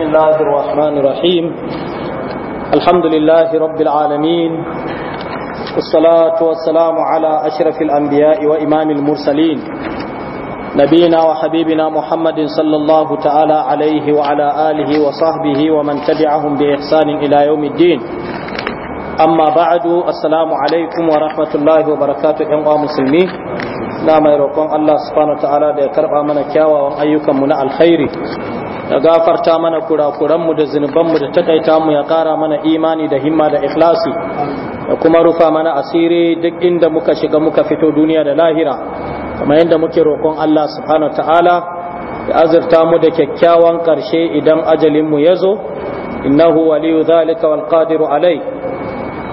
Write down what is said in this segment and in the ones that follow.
بسم الله الرحمن الرحيم الحمد لله رب العالمين والصلاة والسلام على أشرف الأنبياء وإمام المرسلين نبينا وحبيبنا محمد صلى الله تعالى عليه وعلى آله وصحبه ومن تبعهم بإحسان إلى يوم الدين أما بعد السلام عليكم ورحمة الله وبركاته أيها المسلمين na mai roƙon Allah subhanahu wa ta'ala da ya karɓa mana kyawawan ayyukan mu na alkhairi ya gafarta mana kurakuranmu da zunubanmu da takaita mu ya kara mana imani da himma da ikhlasi da kuma rufa mana asiri duk inda muka shiga muka fito duniya da lahira kamar yadda muke roƙon Allah subhanahu ta'ala ya azurta mu da kyakkyawan ƙarshe idan ajalinmu ya zo innahu waliyu zalika wal qadiru alai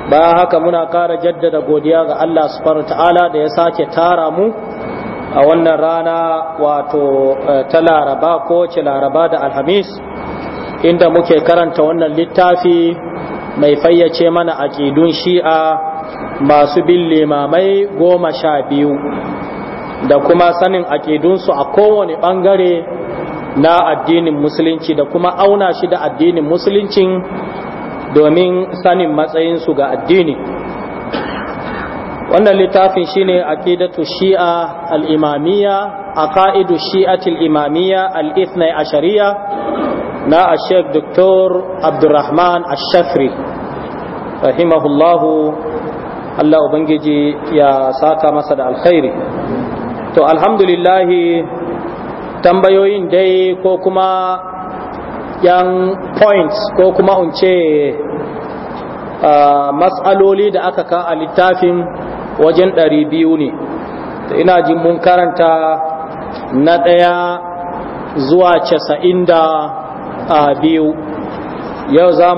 baya haka muna kara jaddada godiya ga Allah subhanahu ta'ala da ya sake tara mu a wannan rana wato eh, ta laraba ko ce laraba da alhamis inda muke karanta wannan littafi mai fayyace mana aƙidun shi'a masu bin limamai goma sha biyu da kuma sanin aƙidunsu a kowane ɓangare na addinin musulunci da kuma auna shi da addinin musulunci domin sanin matsayinsu ga addini. wannan littafin shine aqidatu shi'a al-imamiyya aqaidu shi'ati al-imamiyya al-ithnai ashariya na ashek doktor abdurrahman ash-shafri rahimahullahu Allah ubangiji ya saka masa da alkhairi to alhamdulillah tambayoyin dai ko kuma yan points ko kuma unce ah, matsaloli da aka ka a littafin wajen ɗari biyu ne ina jin mun karanta na ɗaya zuwa casa'in da biyu yau za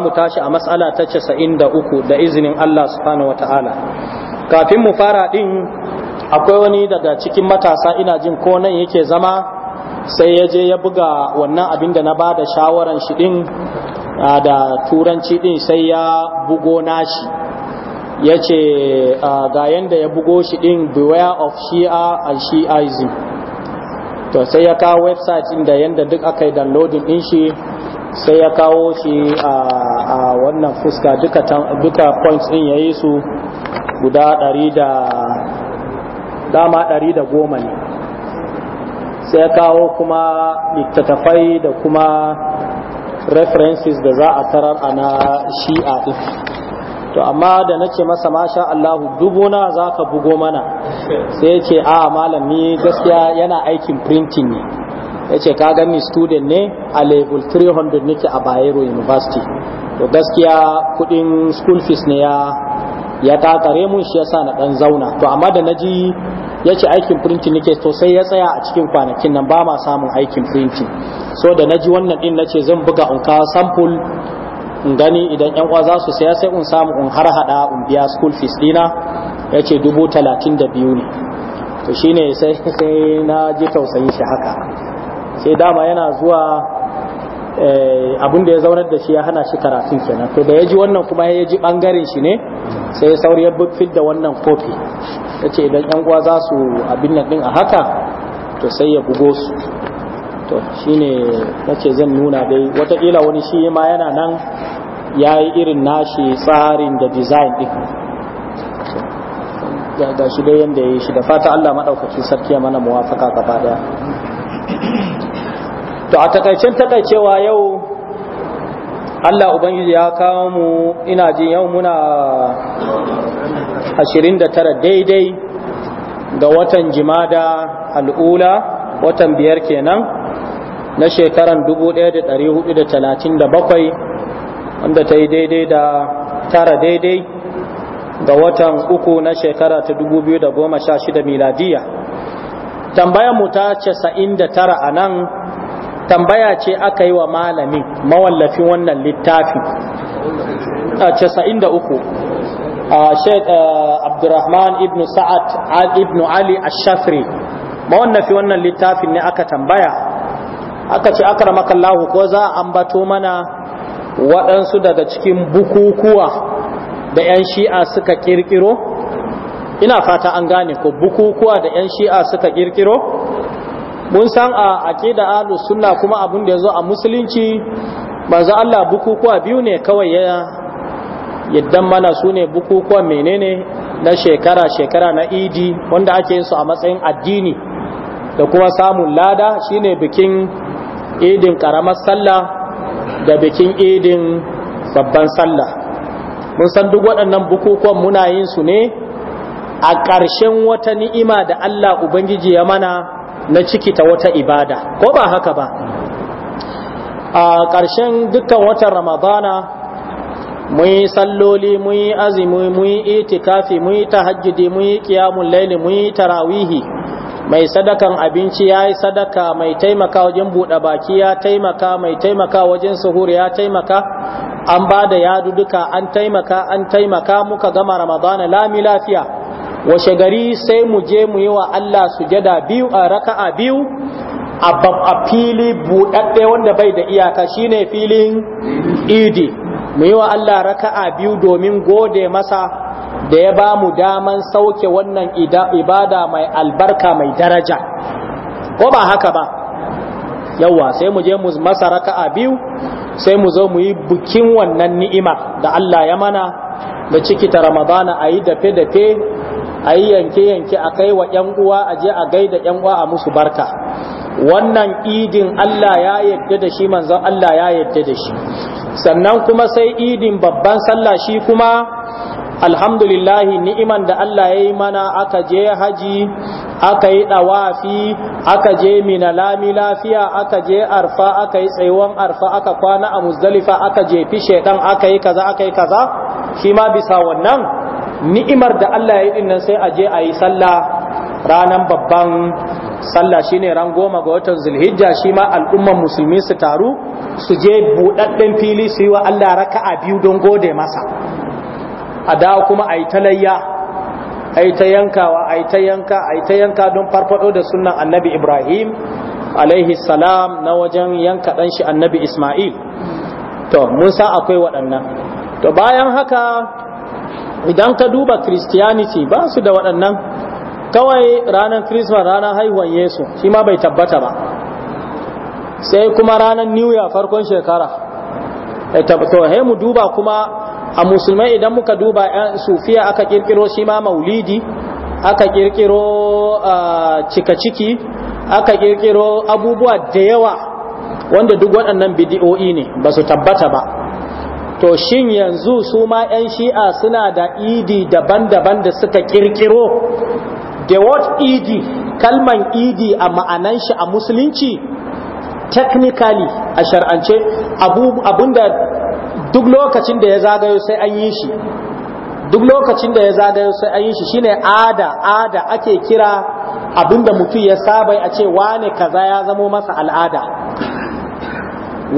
mu tashi a matsala ta casa'in da uku da izinin Allah subhanahu wa ta'ala kafin mu fara ɗin akwai wani daga cikin matasa ina jin ko nan yake zama sai ya je ya buga wannan abin da na ba da shawaran shi ɗin da turanci ɗin sai ya bugo nashi ya ce ah, ga yadda ya bugo shi din beware of shia and shiaism to sai ya kawo website da yadda duk aka yi downloading din shi sai ya kawo shi a ah, ah, wannan fuska duka points din ya yi su guda ɗari da dama ɗari da goma ne sai ya kawo kuma littattafai da kuma references da za a tarar a na shi'a ɗin to amma da na ce masa masha Allahu dubuna za ka bugo mana sai yace ce a malami gaskiya yana aikin printing ne ya ce ka gani student ne a level 300 nake a Bayero University to gaskiya kudin school fees ne ya ya takare mun shi yasa na dan zauna to amma da naji ya ce aikin printing nake to sai ya tsaya a cikin kwanakin nan ba ma samun aikin printing so da naji wannan din nace zan buga in sample in gani idan yan uwa za su saya sai in samu in har hada in biya school fees dina yace dubu talatin da biyu ne to shine sai sai na ji tausayi shi haka sai dama yana zuwa eh, abinda ya zaunar da shi ya hana shi karatun kenan to da ya ji wannan kuma ya ji bangaren shi ne sai sauri ya fit da wannan kofi yace idan yan uwa za su abin nan din a haka to sai ya bugo su to shine nace zan nuna dai watakila wani shi ma yana nan ya yi irin nashi tsarin da design ɗin ga shi dai yadda ya yi shi da fata Allah maɗaukaki sarki mana muwafaka gaba ɗaya to a takaicen takaicewa yau Allah Ubangiji ya kawo mu ina ji yau muna 29 daidai ga watan jimada al'ula watan biyar kenan na shekaran 1437 wanda ta yi daidai da tara daidai ga watan uku na shekara ta 2016 miladiya tambaya mu ta 99 a nan tambaya ce aka yi wa malamin mawallafin wannan littafi a 93 a sheik abdurrahman ibn sa'ad ibn ali ash-shafri mawallafi wannan littafin ne aka tambaya aka ce akramakallahu ko za a ambato mana waɗansu daga cikin bukukuwa da 'yan shi'a suka kirkiro ina fata an gane ko bukukuwa da 'yan shi'a suka kirkiro mun san a aqida alu sunna kuma abin da zo a musulunci manzo Allah bukukuwa biyu ne kawai ya yaddan mana su ne bukukuwa menene na shekara-shekara na idi wanda ake yin su a matsayin addini da kuma samun lada shine bikin idin karamar sallah da bikin idin babban sallah mun san duk waɗannan bukukuwan muna yin su ne a ƙarshen wata ni'ima da Allah Ubangiji ya mana na ciki ta wata ibada ko ba haka ba a ƙarshen dukkan watan ramadana mu yi salloli mu yi azumi mu yi itikafi mu yi tahajjudi mu yi ƙiyamun laili mu yi tarawihi mai sadakan abinci ya yi sadaka mai taimaka wajen buɗe baki ya taimaka mai taimaka wajen suhuri ya taimaka an ba da yadu duka an taimaka an taimaka muka gama ramadana lami lafiya washe gari sai mu je mu yi wa Allah sujada biyu a raka'a biyu a fili buɗaɗɗe wanda bai da iyaka shine filin idi mu yi wa Allah raka'a biyu domin gode masa da ya ba mu daman sauke wannan ibada mai albarka mai daraja ko ba haka ba yawa sai mu je mu masa raka'a biyu sai mu zo mu yi bukin wannan ni'ima da Allah ya mana da ciki ta ramadana a yi dafe-dafe a yi yanke-yanke a kai wa 'yan uwa a je a gaida 'yan uwa a musu barka wannan idin Allah ya yadda da shi manzon Allah ya yadda da shi sannan kuma sai idin babban sallah shi kuma alhamdulillahi ni'iman da Allah ya yi mana aka je haji aka yi ɗawafi aka je mina lami lafiya aka je arfa aka yi tsayuwan arfa aka kwana a muzdalifa aka jefi shaidan aka yi kaza aka yi kaza shi ma bisa wannan ni'imar da Allah ya yi din nan sai a je a yi sallah ranan babban sallah shine ran goma ga watan zulhijja shi ma al'umman musulmi su taru su je buɗaɗɗen fili su yi wa Allah raka'a biyu don gode masa a dawo kuma a yi talayya a yi ta yankawa a yi ta yanka a yi ta yanka don farfado da sunan annabi ibrahim alaihi salam na wajen yanka ɗan shi annabi ismail to musa akwai waɗannan to bayan haka idan ka duba christianity ba su da waɗannan kawai ranar christmas ranar haihuwan yesu shi ma bai tabbata ba sai kuma ranar new year farkon shekara to he mu duba kuma a musulmai idan muka duba yan sufiya aka kirkiro shi ma maulidi aka kirkiro cika-ciki aka kirkiro abubuwa da yawa wanda duk waɗannan bidi'o'i ne ba su tabbata ba to shin yanzu su ma 'yan shi'a suna da idi daban-daban da suka kirkiro the word idi kalman idi a ma'anan shi a musulunci technically a shar'ance da. duk lokacin da ya zagayo sai an yi shi duk lokacin da ya zagayo sai an yi shi shine ada ada ake kira abinda mutum ya saba a ce wane kaza ya zamo masa al'ada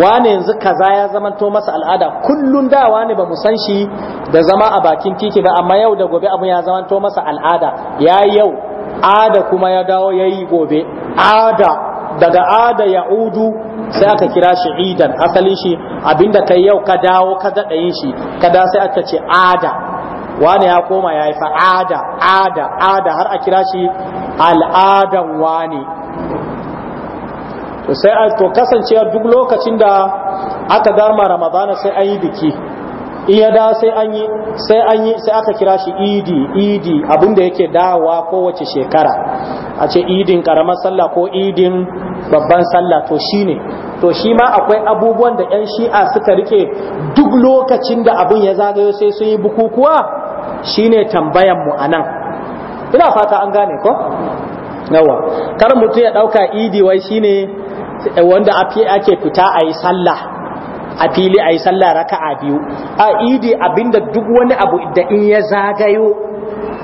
wane yanzu kaza ya zamanto masa al'ada kullun da wane ba mu san shi da zama a bakin titi ba amma yau da gobe abu ya zamanto masa al'ada ya yau ada kuma ya dawo yayi gobe ada daga ada ya udu sai aka kira shi idan asalin shi abinda kai yau ka dawo ka daɗa yin shi kada sai aka ce ada wani ya koma ya yi ada ada ada har a kira shi al'adan wani to sai to kasancewa duk lokacin da aka gama ramadana sai an yi biki in da sai an yi sai an yi sai aka kira shi idi idi abinda yake dawa kowace shekara a ce idin karamar sallah ko idin babban sallah to shine to shi ma akwai abubuwan da yan shi'a suka rike duk lokacin da abun ya zagayo sai sun yi bukukuwa shine tambayan mu anan ina fata an gane ko yawa kar mutum ya dauka idi wai shine wanda ake fita a yi sallah a fili a yi sallah raka'a biyu a idi abinda duk wani abu da in ya zagayo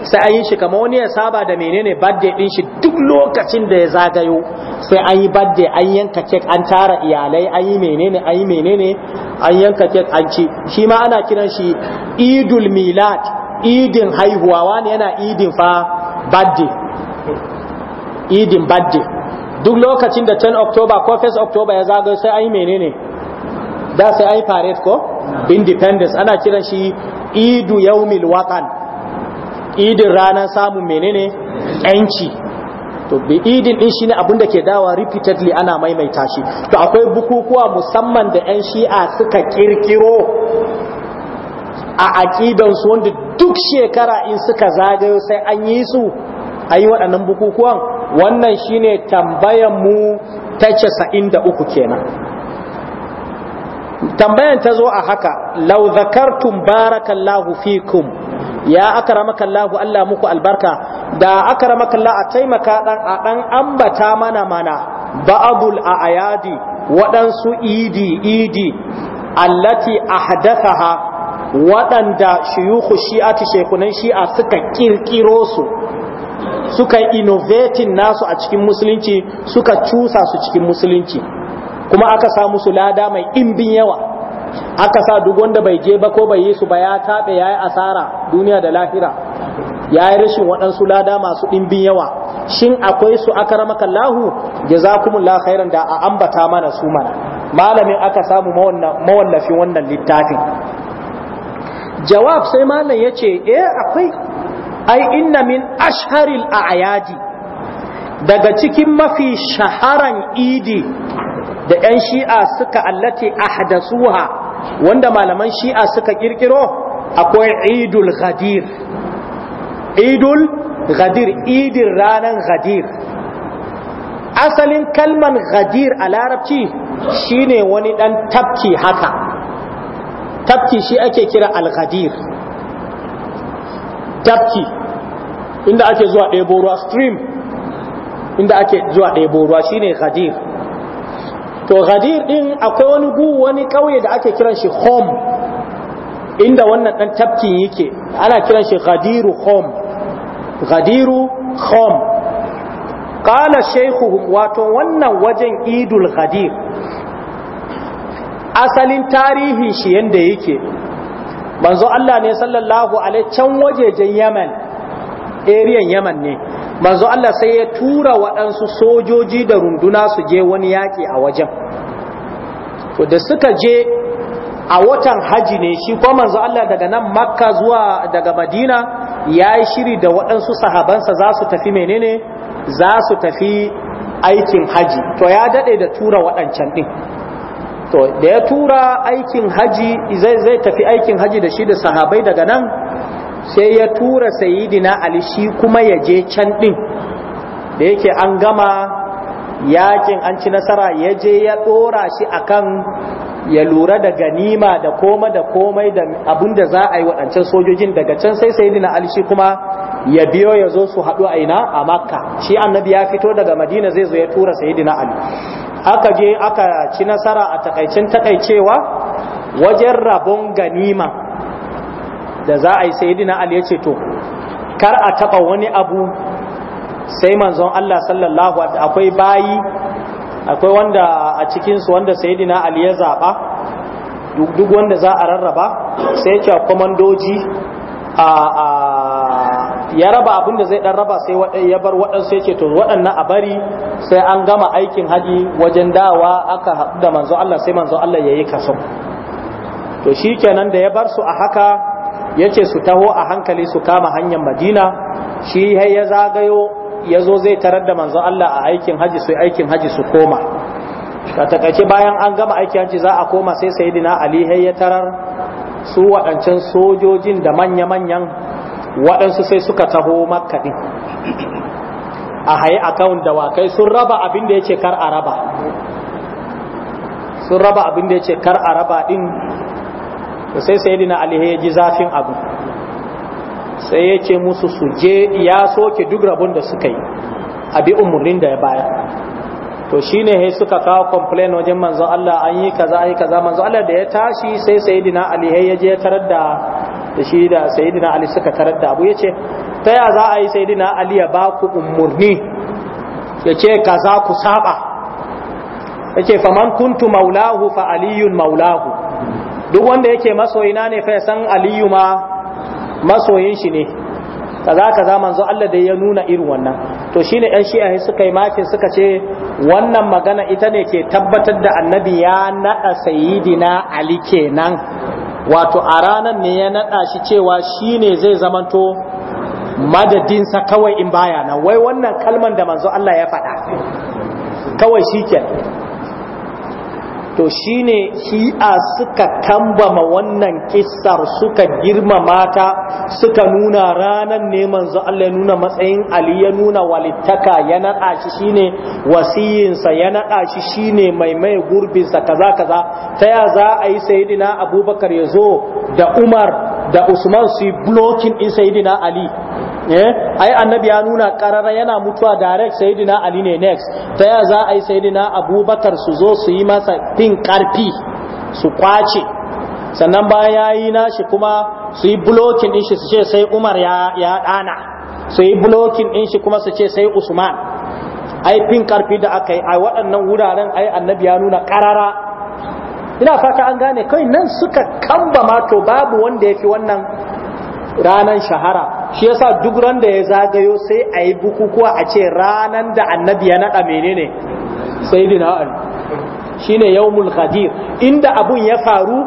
sai an yi shi kamar wani ya saba da menene birthday din shi duk lokacin da ya zagayo sai an yi birthday an yanka kek an tara iyalai an yi menene an yi menene an yanka kek an ci shi ma ana kiran shi idul milad idin haihuwa wani yana idin fa birthday idin birthday duk lokacin da 10 october ko 1 october ya zagayo sai an yi menene da sai ai parade ko independence ana kiran shi idu yaumil watan idin ranar samu menene yanci to bi idin din shine abinda ke dawa repeatedly ana maimaita shi to akwai bukukuwa musamman da yan shi'a suka kirkiro a su wanda duk shekara in suka zagayo sai an yi su ayi waɗannan bukukuwan wannan shine tambayan mu ta 93 kenan tambayan ta zo a haka lau zakartum barakallahu fikum ya akramakallahu Allah muku albarka da akramakallahu a taimaka dan a dan ambata mana mana ba'abul ayadi waɗansu idi idi allati ahdathaha waɗanda shuyukhu shi'ati shekunan shi'a suka kirkiro su suka innovating nasu a cikin musulunci suka cusa su cikin musulunci kuma aka sa musu lada mai ɗimbin yawa aka sa duk wanda bai je ba ko bai yi su ba ya taɓe yayi asara duniya da lahira ya rashin waɗansu lada masu ɗimbin yawa shin akwai su aka rama kallahu jazakumullahu khairan da a ambata mana su mana malamin aka samu mawallafin wannan littafin jawab sai malam ya ce eh akwai ai inna min asharil a'yadi daga cikin mafi shaharan idi da 'yan shi'a suka ahda ahdasuha wanda malaman shi'a suka kirkiro akwai idul ghadir idul ghadir idin ranar ghadir asalin kalman ghadir a larabci shine wani dan tafki haka tafki shi ake kira al-ghadir tafki inda ake zuwa ɗebo ruwa stream inda ake zuwa ɗebo ruwa shine ghadir to ghadir din akwai wani gu wani kauye da ake kiran shi hom inda wannan dan tafkin yake ana kiran shi ghadiru hom ghadiru hom qala shaykhuhum wato wannan wajen idul ghadir asalin tarihin shi yanda yake manzo Allah ne sallallahu alaihi can wajejen Yaman area Yaman ne manzo Allah sai ya tura waɗansu sojoji da runduna su je wani yaƙi a wajen to da suka je a watan haji ne shi ko manzo Allah daga nan makka zuwa daga madina ya yi shiri da waɗansu sahabansa za su tafi menene za su tafi aikin haji to ya daɗe da tura waɗancan ɗin to da ya tura aikin haji zai tafi aikin haji da shi da sahabai daga nan sai ya tura sayidina ali shi kuma ya je can din da yake an gama yakin an ci nasara ya je ya dora shi akan ya lura da ganima da koma da komai da abin da za a yi waɗancan sojojin daga can sai sayidina ali shi kuma ya biyo ya zo su haɗu a ina a makka shi annabi ya fito daga madina zai zo ya tura sayidina ali aka je aka ci nasara a takaicin takaicewa wajen rabon ganima da za a yi sayidina ali ya ce to kar a taba wani abu sai manzon Allah sallallahu alaihi akwai bayi akwai wanda a cikin su wanda sayidina ali ya zaba duk duk wanda za a rarraba sai ya ce komandoji a a ya raba abin da zai dan raba sai ya bar waɗansu sai ce to waɗannan a bari sai an gama aikin haji wajen dawa aka haɗu da manzo Allah sai manzo Allah ya yi kaso to shi da ya bar su a haka ya ce su taho a hankali su kama hanyar madina shi ya zagayo ya zo zai tarar da manzon Allah a aikin haji su aikin haji su koma ka takaice bayan an gama aikin haji za a koma sai sayidina ali ya tarar su waɗancan sojojin da manya-manyan waɗansu sai suka taho makaɗi a haye akawun dawakai sun raba abin da ya ce kar a raba sun raba abin da ya ce kar a raba ɗin to sai sayyidina ali ya ji zafin abu sai ya ce musu su je ya soke duk rabon da suka yi a bi umarnin da ya bayar to shine he suka kawo complain wajen manzo Allah an yi kaza ai kaza manzo Allah da ya tashi sai sayyidina ali ya je tarar da da shi da sayyidina ali suka tarar da abu ce ta ya za a yi sayyidina ali ya ba ku umurni yace kaza ku saba yace faman kuntu maulahu fa aliyun maulahu duk wanda yake masoyina ne fa ya san aliyu ma masoyin shi ne kaza kaza manzo Allah da ya nuna irin wannan to shine ɗan shi'a suka yi makin suka ce wannan magana ita ne ke tabbatar da annabi ya naɗa sayidina ali kenan wato a ranar ne ya naɗa shi cewa shine zai zamanto madadinsa kawai in baya nan wai wannan kalman da manzo Allah ya faɗa kawai shi kenan to shi ne shi'a suka kambama wannan kisar suka girma mata suka nuna ranar neman zuwa Allah ya nuna matsayin Ali ya nuna walittaka ya naɗa shi shine wasiyinsa ya naɗa shi shine mai mai gurbinsa kaza kaza ta ya za a yi sayidina Abubakar ya zo da Umar da Usman su yi blokin in sayidina Ali Eh? ai annabi ya nuna karara yana mutuwa direct sayyidina ali ne next ta ya za a yi sayyidina abubakar su zo su yi masa fin karfi su kwace sannan bayan ya yi nashi kuma su yi blocking din shi su ce sai umar ya ya dana su yi blocking din shi kuma su ce sai usman ai fin karfi da aka yi a waɗannan wuraren ai annabi ya nuna karara ina fata an gane kai nan suka kamba ma to babu wanda ya fi wannan ranar shahara shi yasa duk ran da ya zagayo sai a yi bukukuwa a ce ranan da annabi ya naɗa menene sayyidina ali ne yawmul ghadir inda abun ya faru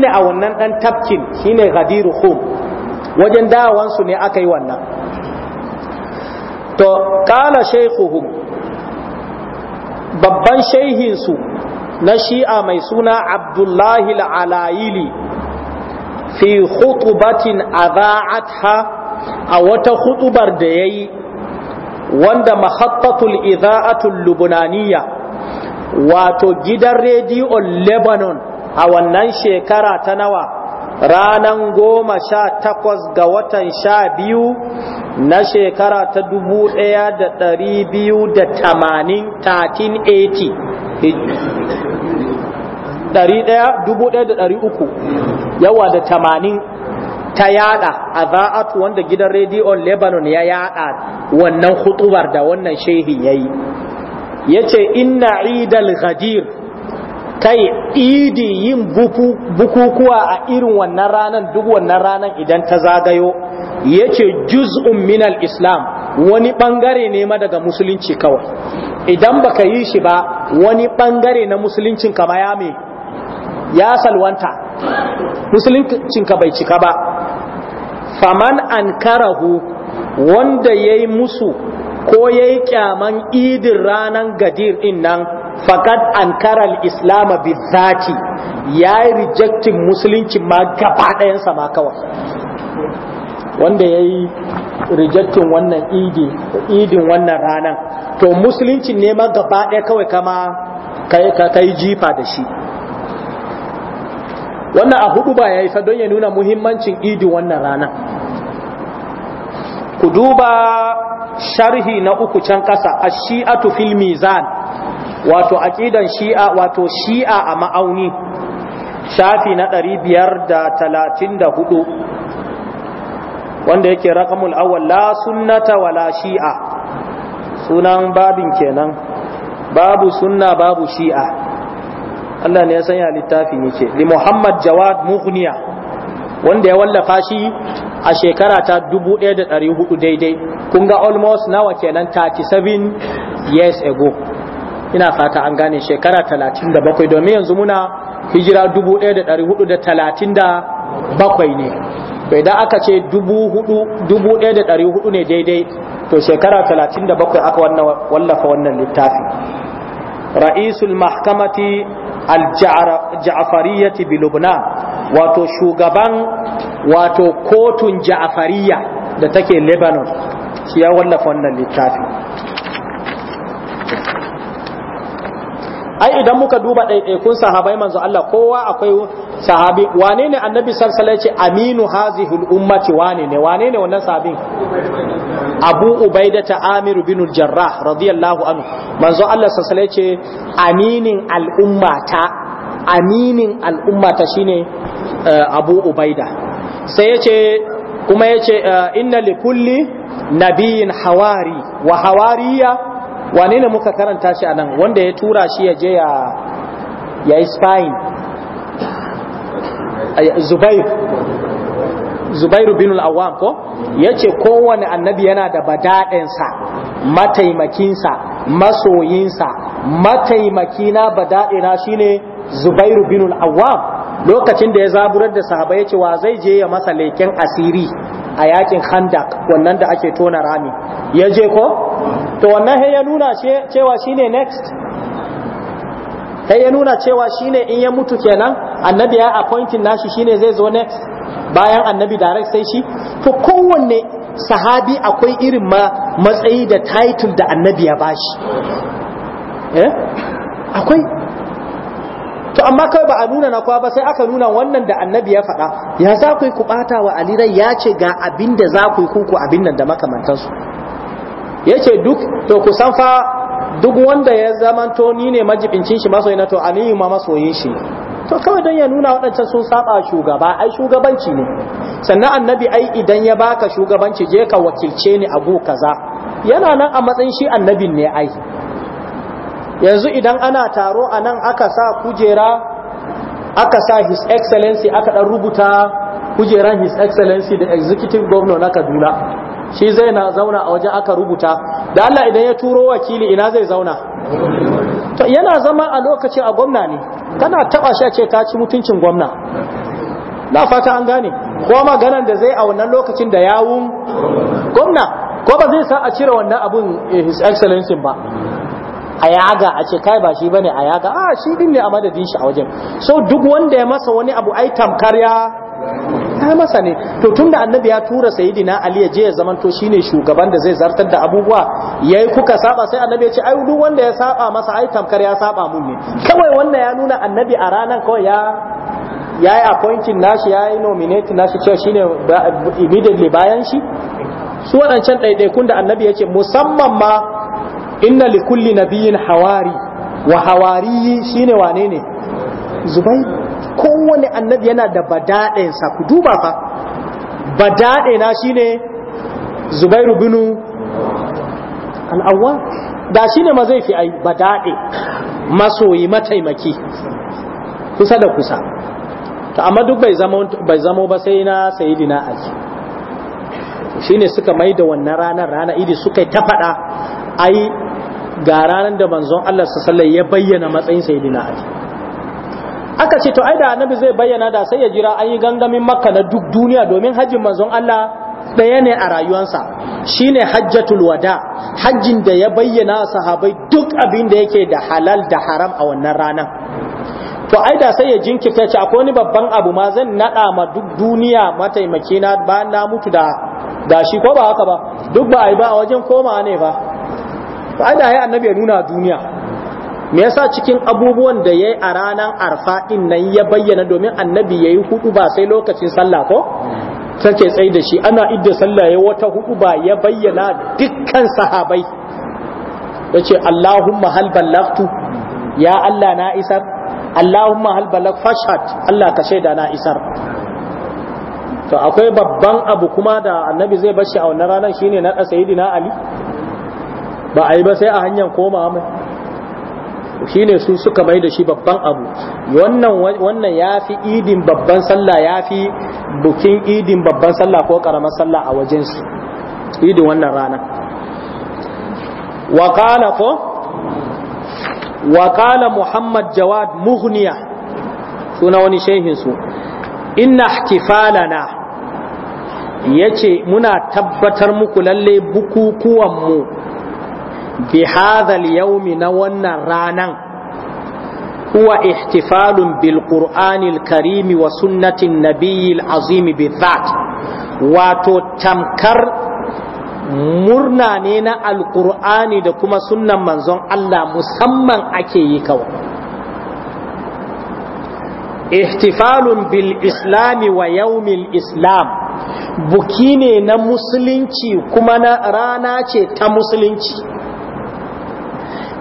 ne a wannan dan tafkin ne ghadir khum wajen dawansu ne aka yi wannan to kala shaykhuhum babban shaihin su na shi'a mai suna abdullahi alayili fi khutbatin adha'atha a wata hudubar da ya yi wanda mahattatul iza'atul lubunaniya wato gidan rediyon lebanon a wannan shekara ta nawa ranan goma sha takwas ga watan sha biyu na shekara ta dubu ɗaya da ɗari biyu da tamanin 1380 ɗari dubu ɗaya da ɗari uku yawa da tamanin ta yada a za'at wanda gidan rediyon lebanon ya yada wannan hutubar da wannan shehin ya yi ya ce inna idal ghadir kai idi yin bukukuwa a irin wannan ranan duk wannan ranan idan ta zagayo Yace ce juz'un minal islam wani bangare ne ma daga musulunci kawai idan baka yi shi ba wani bangare na musuluncin ma ya me ya salwanta musuluncinka bai cika ba faman an karahu wanda ya yi musu ko ya yi kyaman idin ranar gadir din nan fakat an karal islama bizati ya yi musulunci ma gaba ɗayansa ma kawai wanda ya yi rejectin wannan idin wannan ranar to musulunci ne ma gaba ɗaya kawai kama ka yi jifa da shi wannan a hudu ba ya isa don ya nuna muhimmancin idi wannan rana ku duba sharhi na uku can ƙasa a shi'atu fil mizan wato aƙidan shi'a wato shi'a a ma'auni shafi na ɗari biyar da talatin da hudu wanda yake raƙamul awwal la sunnata wala shi'a sunan babin kenan babu sunna babu shi'a Allah ne ya sanya littafi yake li Muhammad Jawad Mughniya wanda ya wallafa shi a shekara ta 1400 daidai kun ga almost nawa kenan 37 years ago ina fata an gane shekara 37 domin yanzu muna hijira 1437 ne bai idan aka ce 1400 ne daidai to shekara 37 aka wallafa wannan littafi ra'isul mahkamati al-ja'afariyyati bi Lubnan wato shugaban wato kotun ja'afariya da take Lebanon shi ya wallafa wannan littafin. ai idan muka duba ɗaiɗaikun sahabai manzo Allah kowa akwai sahabi wane ne annabi sallallahu alaihi wasallam ya ce aminu hazihul ummati wane ne wane ne wannan sahabin abu ubaidata amir bin jarrah radiyallahu anhu manzo Allah sallallahu ce aminin al'ummata aminin al'ummata shine eh, abu ubaida sai yace kuma yace eh, inna li kulli nabiyin hawari wa hawariya wane ne muka karanta shi anan wanda ya tura shi ya je ya ya spying zubair zubairu bin al-awwam ko yace kowanne annabi yana da badaɗinsa mataimakinsa masoyinsa mataimakina badaɗina shine zubairu bin al-awwam lokacin da ya zaburar da sahaba ya ce wa zai je ya masa leken asiri a yakin handak wannan da ake tona rami ya je ko to wannan ya nuna cewa shine next ya nuna cewa shine in ya mutu kenan annabi ya appointing nashi shine zai zo next bayan annabi direct sai shi to kowanne sahabi akwai irin ma matsayi da title da annabi ya bashi eh akwai to amma kai ba a nuna na kwa ba sai aka nuna wannan da annabi ya faɗa ya za ku ku ɓata wa alirai ya ce ga abin da za ku yi kuku abin nan da makamantansu ya ce duk to ku san fa duk wanda ya zamanto ni ne majibincin shi masoyi na to aliyu ma masoyin shi to kawai don ya nuna waɗancan sun saba shugaba ai shugabanci ne sannan annabi ai idan ya baka shugabanci je ka wakilce ni a go kaza yana nan a matsayin shi annabin ne ai yanzu idan ana taro a nan aka sa kujera aka sa his excellency aka dan rubuta kujeran his excellency da executive governor na kaduna shi zai na zauna a wajen aka rubuta da Allah idan ya turo wakili ina zai zauna yana zama a lokacin a gwamna ne kana taba shi a ce ka ci mutuncin gwamna na fata an gane ko maganar da zai a wannan lokacin da yawun gwamna ko ba zai sa a cire wannan abun eh, his excellency ba a yaga a ce kai ba shi bane a yaga a ah, shi din ne a madadin shi a wajen so duk wanda ya masa wani abu ai tamkar ya ya masa ne to da annabi ya tura sayyidina ali ya je ya zamanto shine shugaban da zai zartar da abubuwa yayi kuka saba sai annabi ya ce ai duk wanda ya saba masa ai tamkar ya saba mun ne kawai wannan ya nuna annabi a ranan kawai ya yayi appointing nashi yayi nominate nashi cewa shine immediately bayan shi su waɗancan kun da annabi ya ce musamman ma inna likulli nabiyyin hawari wa hawari shine wane ne zubai kowane annabi yana da sa, ku duba fa shi shine zubairu binu al'awwa da shine ma zai fi ai badaɗe masoyi mataimaki kusa da kusa to amma duk bai zamo ba sai na sayidina ali shine suka mai da wannan ranar rana idi suka yi ta faɗa ai ga ranar da manzon Allah sallallahu ya bayyana matsayin sayyidina Ali aka ce to ai da annabi zai bayyana da sai ya jira an yi gangamin makka na duk duniya domin hajjin manzon Allah ɗaya ne a rayuwarsa shine hajjatul wada hajjin da ya bayyana sahabai duk abin da yake da halal da haram a wannan ranar to ai da sai ya jinkirta ce akwai wani babban abu ma zan nada ma duk duniya mataimaki na ba na mutu da da shi ko ba haka ba duk ba ai ba a wajen koma ne ba to ai da ai annabi ya nuna duniya me yasa cikin abubuwan da yayi a ranar arfa din nan ya bayyana domin annabi yayi hudu ba sai lokacin sallah ko take tsayi da shi ana idda sallah yayi wata hudu ba ya bayyana dukkan sahabai yace Allahumma hal balagtu ya Allah na isar Allahumma hal balag fashat Allah ka shaida na isar to akwai babban abu kuma da annabi zai bashi a wannan ranar shine na sayyidina Ali ba a yi ba sai a hanyar koma mai shine su suka mai da shi babban abu wannan wannan yafi idin babban sallah yafi bukin idin babban sallah ko karamar sallah a wajen su idin wannan rana wa qala ko wa qala muhammad jawad Muhniya suna wani shehin su inna ihtifalana yace muna tabbatar muku lalle bukukuwan mu bi hadhal yaumi na wannan ranan huwa ihtifalun bil qur'anil karimi wa sunnatin nabiyil azimi bizat wato tamkar murna ne na alkur'ani da kuma sunnan manzon Allah musamman ake yi kawai ihtifalun bil islami wa yaumil islam buki ne na musulunci kuma na rana ce ta musulunci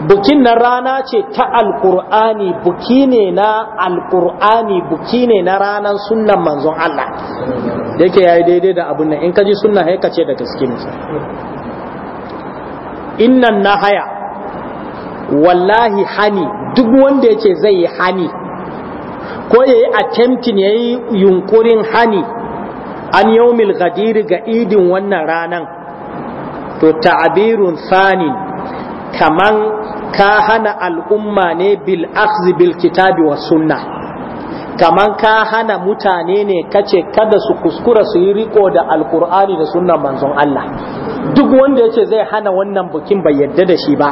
bukin na rana ce ta alkur'ani buki ne na alkur'ani buki ne na ranar sunnan manzon Allah da yake yayi daidai da abun nan in ka ji sunna haika ce da gaske ne innan na haya wallahi hani duk wanda yake zai yi hani ko yayi attempting yayi yunkurin hani an yaumil gadiri ga idin wannan ranan to ta'abirun sanin kaman ka hana al'umma ne bil akhzi bil kitabi wa sunna kaman ka hana mutane ne kace kada su kuskura su yi riko da alkur'ani da sunnan manzon Allah duk wanda yace zai hana wannan bukin bai yadda da shi ba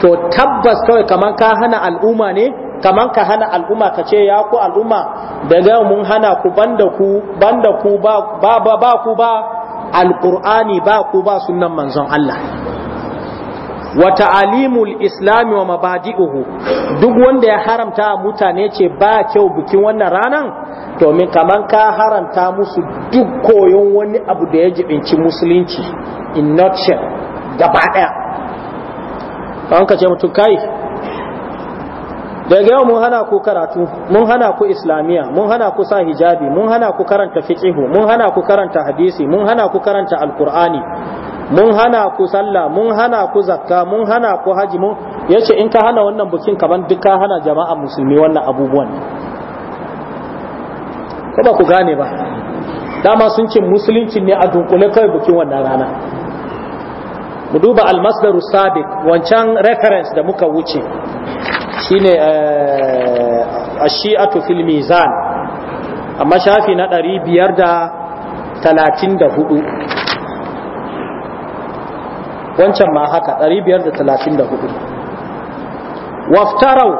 to tabbas kawai kaman ka hana al'umma ne kaman ka hana al'umma kace, ya ku al'umma daga mun hana ku banda ku banda ku ba ba ba ku ba alqur'ani ba ku ba sunnan manzon Allah wa ta'alimul islam wa mabadi'uhu duk wanda ya haramta mutane ce ba kyau bikin wannan ranan to min kaman ka haramta musu duk koyon wani abu da ya jibinci musulunci in nutshell gaba daya an ka ce mutum kai daga yau mun hana ku karatu mun hana ku islamiya mun hana ku sa hijabi mun hana ku karanta fiqihu mun hana ku karanta hadisi mun hana ku karanta alqur'ani mun hana ku sallah mun hana ku zakka mun hana ku haji mun yace in ka hana wannan bukin kaman duk ka hana jama'a musulmi wannan abubuwan ko ba ku gane ba dama sun ce musulunci ne a dunkule kai bukin wannan rana mu duba masdaru sabiq wancan reference da muka wuce shine eh, ashi'atu fil mizan amma shafi na 534 wancan ma haka 534 waftarau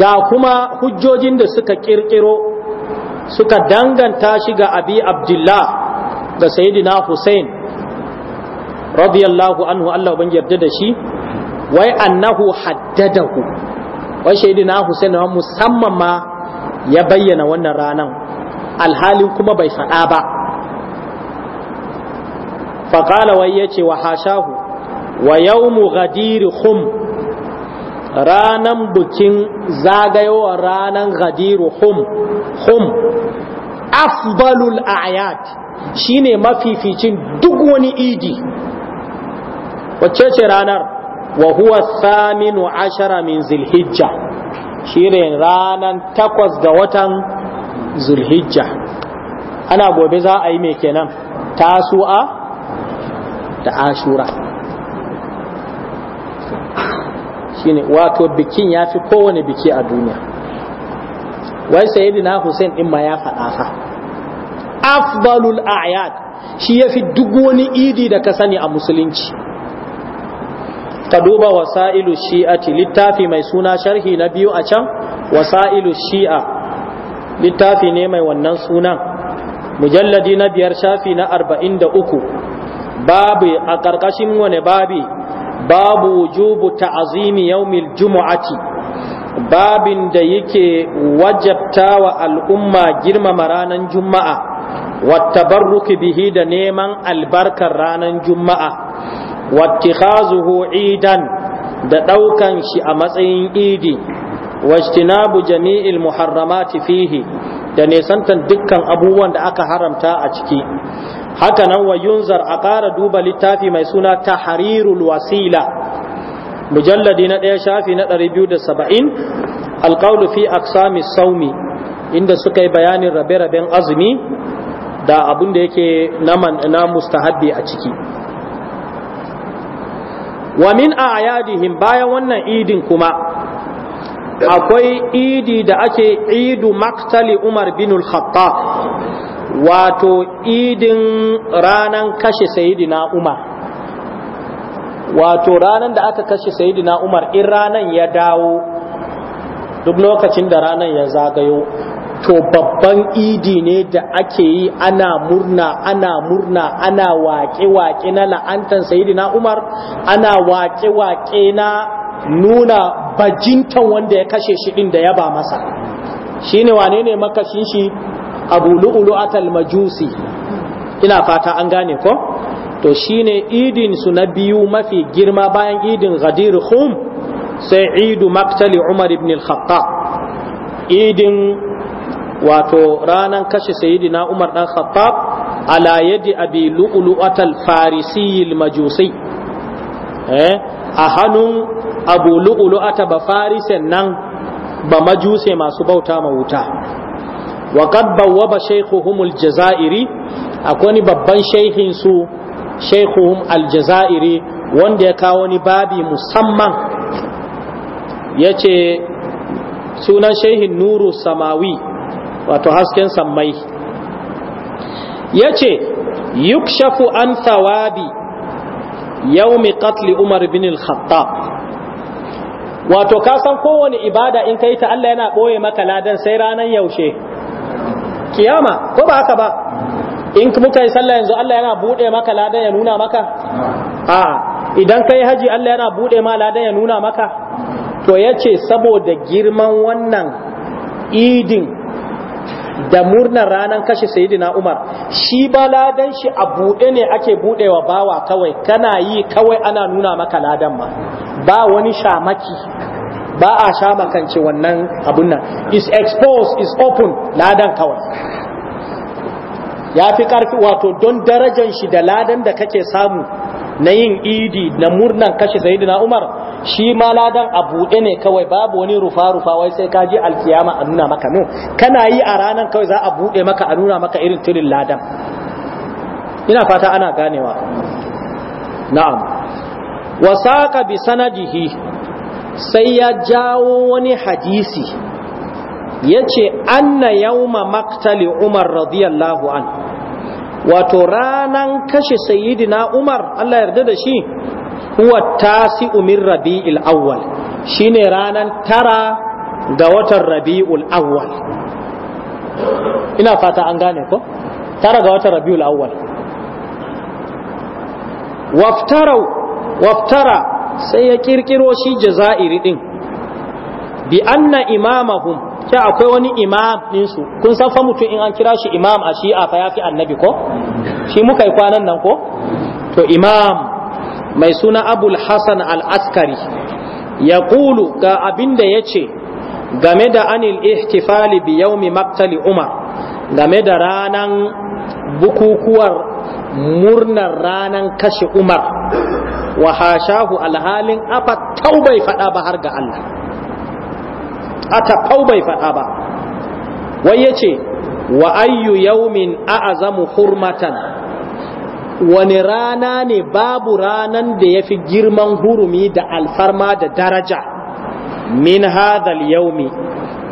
ga kuma hujjojin da suka kirkiro suka danganta shi ga abi abdullah da sayyidina hussein radiyallahu anhu Allah ban yarda da shi wai annahu haddadahu wai sayyidina hussein musamman ma ya bayyana wannan ranan alhalin kuma bai faɗa ba faƙala wai ya ce wa hashahu wa yawmu hum ranan bukin zagayowar ranan ghadiru hum hum afbalul ayat shine mafificin duk wani idi wacce ce ranar wa huwa saminu ashara min zulhijja shine ranan takwas ga watan zulhijja ana gobe za a yi mai kenan tasu'a da ashura shine wato bikin ya fi kowane biki a duniya wai sayyidina hussein din ma ya faɗa fa afdalul a'yad shi ya fi duk wani idi da ka sani a musulunci ka duba wasa'ilu shi'ati littafi mai suna sharhi na biyu a can wasa'ilu shi'a littafi ne mai wannan sunan mujalladi na biyar shafi na arba'in da uku babu a ƙarƙashin wane babi babu wujubu ta'azimi yaumil jumu'ati babin da yake wajabta wa al'umma girmama ranar juma'a wattabarruki bihi da neman albarkar ranar juma'a wattikhazuhu idan da ɗaukan shi a matsayin idi wajtinabu jami'il muharramati fihi da nesantan dukkan abubuwan da aka haramta a ciki haka nan wa yunzar a ƙara duba littafi mai suna tahrirul wasila mujalladi na ɗaya shafi na ɗari biyu da saba'in alƙawlu fi aksami saumi inda suka yi bayanin rabe-raben azumi da abin da yake na mustahabbi a ciki wa min ayadihim bayan wannan idin kuma akwai idi da ake idu maktali umar bin al-khattab wato idin ranan kashe sayidina umar wato ranan da aka kashe sayidina umar in ranan ya dawo duk lokacin da ranan ya zagayo to babban idi ne da ake yi ana murna ana murna ana waƙe-waƙe na la'antan sayidina umar ana waƙe-waƙe na nuna bajintan wanda ya kashe shi din da ya ba masa shine wane ne makashin shi abu lu'lu'at al-majusi ina fata an gane ko to shine idin su na biyu mafi girma bayan idin ghadir khum sai idu maktali umar ibn al-khattab idin wato ranan kashe sayyidina umar dan khattab ala yadi abi lu'lu'at al-farisi al-majusi eh a hannun abu lu'lu'at ba farisen nan ba majuse masu bauta ma wuta wa qad bawwaba shaykhuhum al-jazairi babban shaykhin su shaykhuhum wanda ya kawo ni babi musamman ce sunan shaykhin nuru samawi wato hasken sammai yace yukshafu an thawabi yaumi qatl umar bin al-khattab wato ka san kowane ibada in kai ta Allah yana ɓoye maka ladan sai ranar yaushe kiyama ko ba haka ba in muka yi sallah yanzu Allah yana bude maka ladan ya nuna maka a idan kai haji Allah yana bude ma ladan ya nuna maka to yace saboda girman wannan idin da murnar ranar kashe na Umar shi ba ladan shi a bude ne ake buɗewa bawa kawai kana yi kawai ana nuna maka ladan ma ba wani shamaki ba a sha makance wannan abun nan is exposed is open ladan kawai ya fi ƙarfi wato don darajan shi da ladan da kake samu na yin idi na murnan kashe sayyidina Umar shi ma ladan a buɗe ne kawai babu wani rufa rufa wai sai kaji alkiyama a nuna maka nun kana yi a ranan kawai za a buɗe maka a nuna maka irin turin ladan ina fata ana ganewa na'am wasaka bi sanadihi sai ya jawo wani hadisi ya ce anna yauma maktali umar radiyallahu an wato ranan kashe sayyidina umar Allah yarda da shi huwa tasi min rabi'il awwal shine ranan tara ga watan rabi'ul awwal ina fata an gane ko tara ga watan rabi'ul awwal waftarau waftara sai ya kirkiro shi jaza'iri din bi anna imamahum ta akwai wani imam su kun san fa mutum in an kira shi imam a shi'a fa yafi annabi ko shi muka yi kwanan nan ko to imam mai suna abul hasan al-askari ya kulu ga abinda da ya ce game da anil ihtifali bi yaumi maktali umar game da ranan bukukuwar murnar ranan kashe umar wa hashahu alhalin afa taubai faɗa ba har ga Allah aka taubai faɗa ba wai yace wa ayyu yawmin a'zamu hurmatan wani rana ne babu ranan da yafi girman hurumi da alfarma da daraja min hadhal yawmi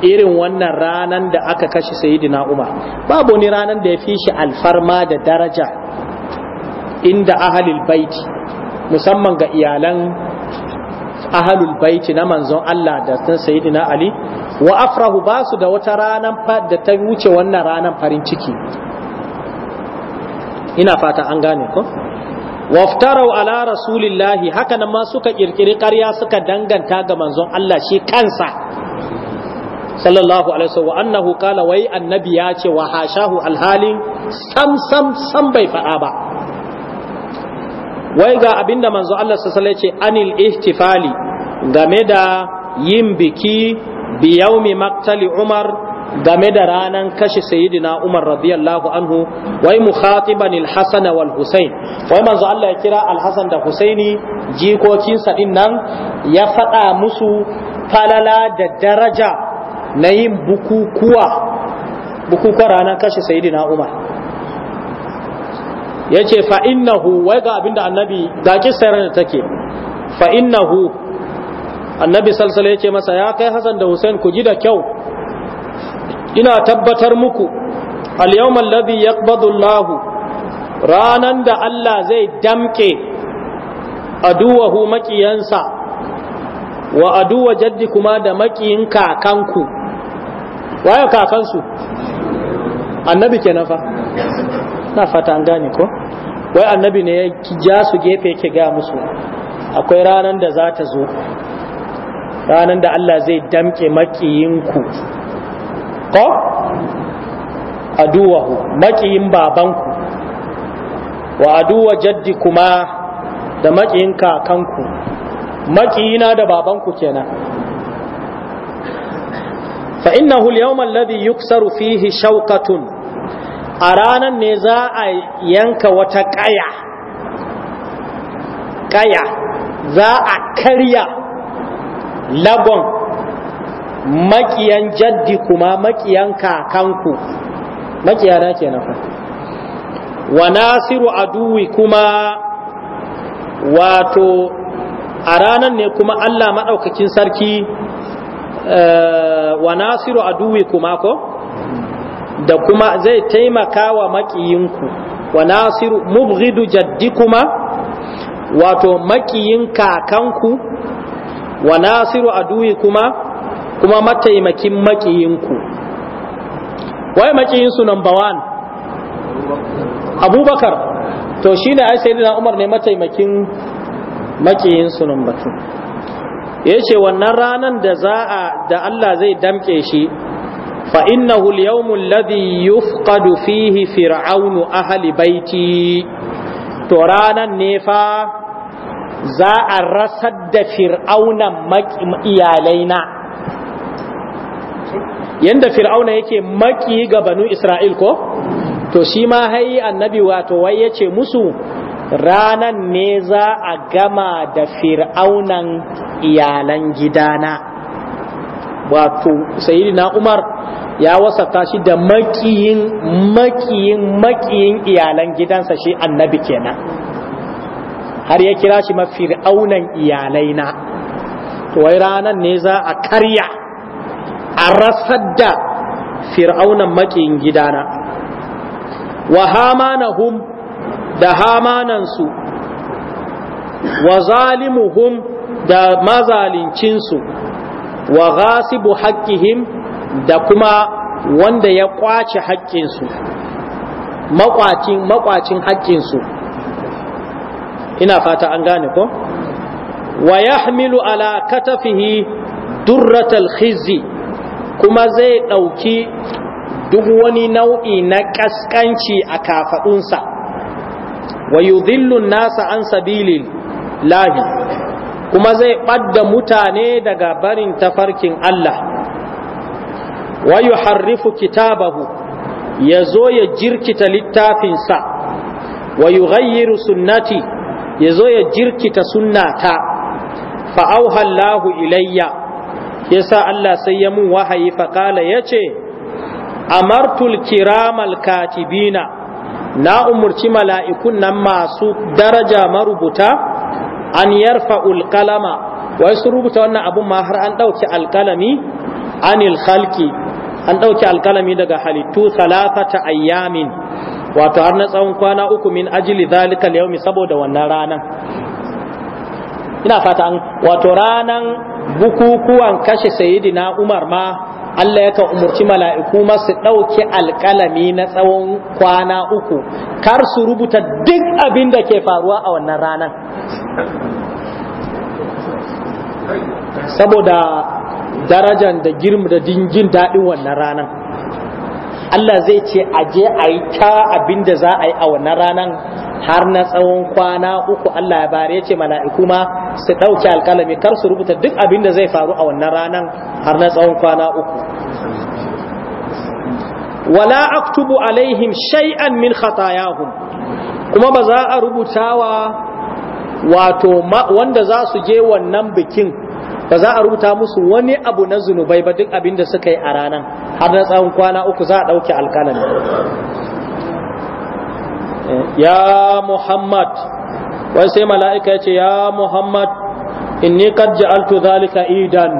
irin wannan ranan da aka kashe sayyidina Umar babu ni ranan da yafi shi alfarma da daraja inda ahalil baiti musamman ga iyalan ahalul baiti na manzon Allah da san sayyidina Ali wa afrahu basu da wata ranan da ta wuce wannan ranar farin ciki ina fata an gane ko waftarau ala rasulillahi haka nan ma suka kirkiri ƙarya suka danganta ga manzon Allah shi kansa sallallahu alaihi wasallam annahu qala wai annabi ya ce wa hashahu alhalin sam sam sam bai faɗa ba wai ga abinda manzo Allah sallallahu ce anil ihtifali game da yin biki bi yaumi maktali Umar game da ranan kashe sayyidina Umar radiyallahu anhu wai mukhatiban al-Hasan wal Husayn wai manzo Allah ya kira al-Hasan da Husaini jikokinsa din nan ya faɗa musu falala da daraja na yin bukukuwa bukukuwa ranar kashe sayyidina Umar ya ce fa'innahu wai ga abinda annabi ga kisar da take fa'innahu annabi salsala ya ce masa ya kai Hassan da hussein ku ji da kyau ina tabbatar muku al-yawmal ladhi yaqbadu ranan da Allah zai damke aduwahu makiyansa wa aduwa jaddi kuma da makiyin kakanku waye kakansu annabi kenan fa na fata an gane ko wai annabi ne ya ja su gefe yake ga musu akwai ranar da za ta zo ranar da Allah zai damke makiyinku ko aduwahu makiyin babanku wa aduwa jaddi kuma da makiyin kakanku makiyina da babanku kenan fa innahu al-yawma alladhi yuksaru fihi shawqatun a ranan ne za a yanka wata kaya, kaya, za a karya lagon makiyan jaddi kuma makiyan kakanku makiyana nafa wa nasiru aduwi kuma wato a ranan ne kuma Allah maɗaukakin sarki eh, wa nasiru aduwi kuma ko da kuma zai taimaka wa makiyinku wa nasiru mubghidu jaddikuma wato makiyin kakanku wa nasiru aduyi kuma kuma mataimakin makiyinku wai makiyinsu number one abubakar to shi ne aisha na umar ne mataimakin makiyinsu number two ya ce wannan ranar da za a da allah zai damke shi fa innahu al-yawm alladhi yufqadu fihi fir'aunu ahli baiti to ranan ne fa za a rasar da fir'aunan iyalaina yadda fir'auna yake maki ga banu isra'il ko to shi ma hai annabi wato wai yace musu ranan ne za a gama da fir'aunan iyalan gidana wato sayyidina Umar ya wasata shi da makiyin makiyin makiyin iyalan gidansa shi annabi kenan har ya kira shi mafir'aunan iyalai na wai ranan ne za a karya a rasar da fir'aunan makiyin gidana wa hamanahum da hamanansu wa zalimuhum da mazalincinsu wa ghasibu haqqihim da kuma wanda ya kwace haƙƙinsu maƙwacin haƙƙinsu ina fata an gane ko wa yahmilu ala katafihi durratal Hizzi kuma zai ɗauki duk wani nau'i na ƙasƙanci a kafaɗunsa wa yudhillu nasa an sabilillahi kuma zai ɓadda mutane daga barin tafarkin Allah wa yuharrifu kitabahu ya zo ya jirkita littafinsa wa yughayyiru sunnati ya zo ya jirkita sunnata fa auha Allahu ilayya yasa Allah sai ya mun wahayi fa kala yace amartul kiramal katibina na umurci mala'ikun nan masu daraja marubuta an yarfa ulkalama wai su rubuta wannan abun ma har an ɗauki alkalami anil halki an ɗauki alkalami daga halittu ta ayyamin wato har na tsawon kwana uku min ajili zalika yaumi saboda wannan ranan ina fata an wato ranan bukukuwan kashe sayidina umar ma Allah yakan umurci mala'iku masu su ɗauki alƙalami na tsawon kwana uku kar su rubuta duk abin da ke faruwa a wannan ranar saboda darajan da girma da daɗin wannan ranar Allah zai ce aje a yi ta abin da za a yi a wannan rana. har na tsawon kwana uku Allah ya bare ya ce mala'iku ma su ɗauki alƙalami kar su rubuta duk abin da zai faru a wannan ranan har na tsawon kwana uku wala aktubu alaihim shay'an min khatayahum kuma ba za a rubutawa wato wanda za su je wannan bikin ba za a rubuta musu wani abu na zunubai ba duk abin da suka yi a ranan har na tsawon kwana uku za a ɗauki alƙalami. ya muhammad wai sai mala'ika ce ya muhammad inni qad ja'altu zalika idan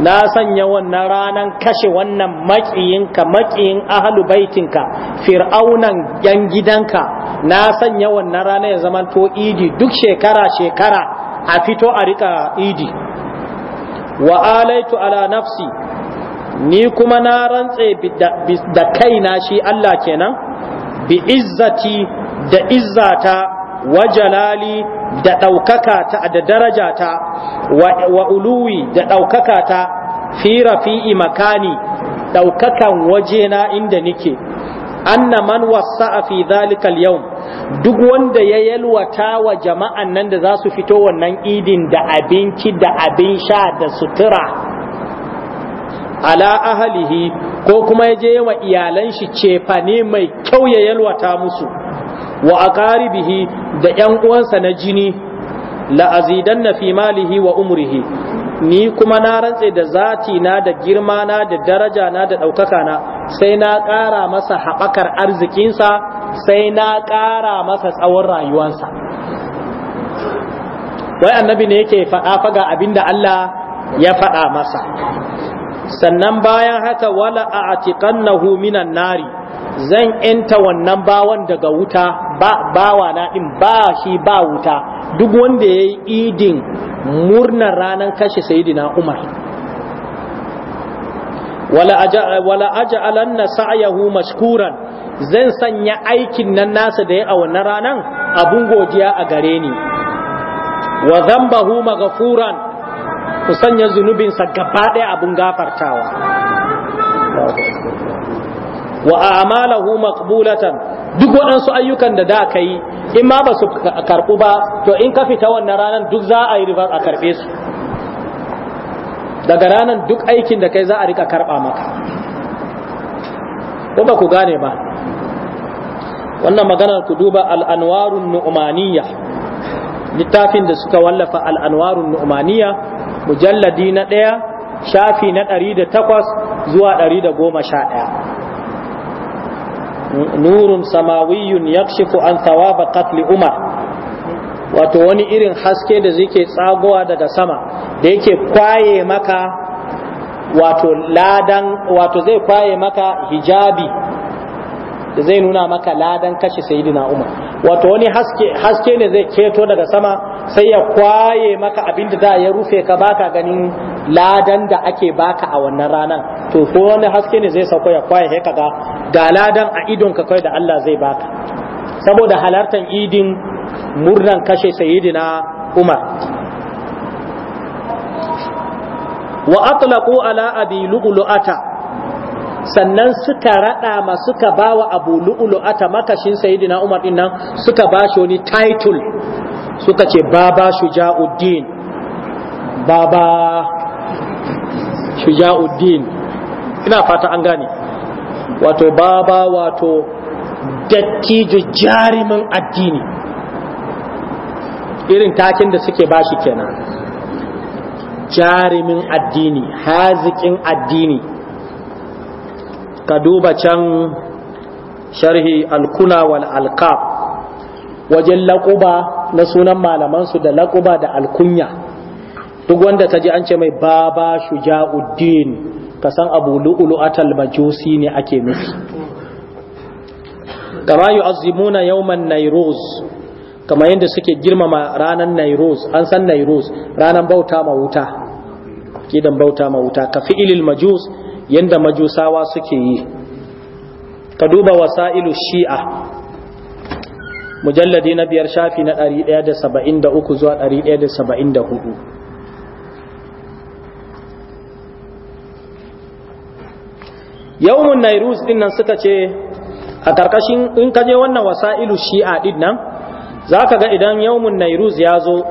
na sanya wannan ranan kashe wannan maƙiyinka maƙiyin ahalu ka fir'aunan yan gidanka na sanya wannan rana ya zama to idi duk shekara shekara a fito a rika idi wa alaitu ala nafsi ni kuma na rantse da kaina shi Allah kenan bi izzati da izzata wa jalali da ɗaukaka ta da daraja ta wa uluwi da ɗaukaka ta fi rafi'i makani ɗaukakan na inda nike anna man wasa'a fi zalikal yau duk wanda ya yalwata wa jama'an nan da za su fito wannan idin da abinci da abin sha da sutura ala ahalihi ko kuma ya je wa iyalan shi cefane mai kyau ya yalwata musu wa aqaribihi da yan uwansa na jini la azidanna fi malihi wa umrihi ni kuma na rantse da zati na da girma na da daraja na da ɗaukaka na sai na ƙara masa haɓakar arzikinsa sai na ƙara masa tsawon rayuwansa wai annabi ne yake faɗa faga abinda Allah ya faɗa masa sannan bayan haka wala a'tiqannahu minan nari zan enta wannan bawan daga wuta ba bawa na din ba shi ba wuta duk wanda yayi idin murnar ranan kashe sayyidina Umar wala aja wala aj'alanna sa'yahu mashkuran zan sanya aikin nan nasa da ya a wannan ranan abun godiya a gare ni wa zambahu maghfuran ku sanya zunubinsa gaba ɗaya abun gafartawa wa amalahu maqbulatan duk waɗansu ayyukan da da ka yi in ma ba su karɓu ba to in ka fita wannan ranar duk za a yi riba a karɓe su daga ranar duk aikin da kai za a rika karɓa maka ko ba ku gane ba wannan maganar ku duba al'anwarun nu'umaniya littafin da suka wallafa al'anwarun nu'umaniya mujalladi na ɗaya shafi na ɗari da takwas zuwa ɗari da goma sha ɗaya nurun samawiyun yakshifu an ba katli umar wato wani irin haske da zai tsagowa daga sama da yake kwaye maka wato ladan wato zai kwaye maka hijabi da zai nuna maka ladan kashe sayidina umar wato wani haske ne zai keto daga sama sai ya kwaye maka abinda da ya rufe ka baka ganin ladan da ake baka a wannan ranar to ko wani haske ne zai sauko ya kwaye haka ga ga ladan a idon ka kai da Allah zai baka saboda halartan idin murnan kashe sayyidina Umar wa atlaqu ala abi lu'lu'ata sannan suka rada ma suka bawa abu lu'lu'ata makashin sayyidina Umar din nan suka bashi wani title suka ce baba shuja'uddin baba shuja'uddin ina fata an gane wato baba wato dattijo jarimin addini irin takin da suke bashi kenan jarimin addini hazikin addini ka duba can sharhi alkuna wal alqab wajen laƙuba. na sunan malamansu da laƙuba da alkunya duk wanda ta ji an ce mai baba shuja'uddin ka san abu atal majusi ne ake nufi kama yu'azzimuna yawman nairuz kama yadda suke girmama ranar nairuz an san nairuz ranar bauta ma wuta kidan bauta ma wuta ka fi'ilil majus yadda majusawa suke yi ka duba wasa'ilu shi'a mujalladi na biyar shafi na 173 zuwa 174 yawon nairus din nan suka ce a karkashin in kaje wannan wasa'ilu shi'a din nan za ka ga idan yawon nairus ya zo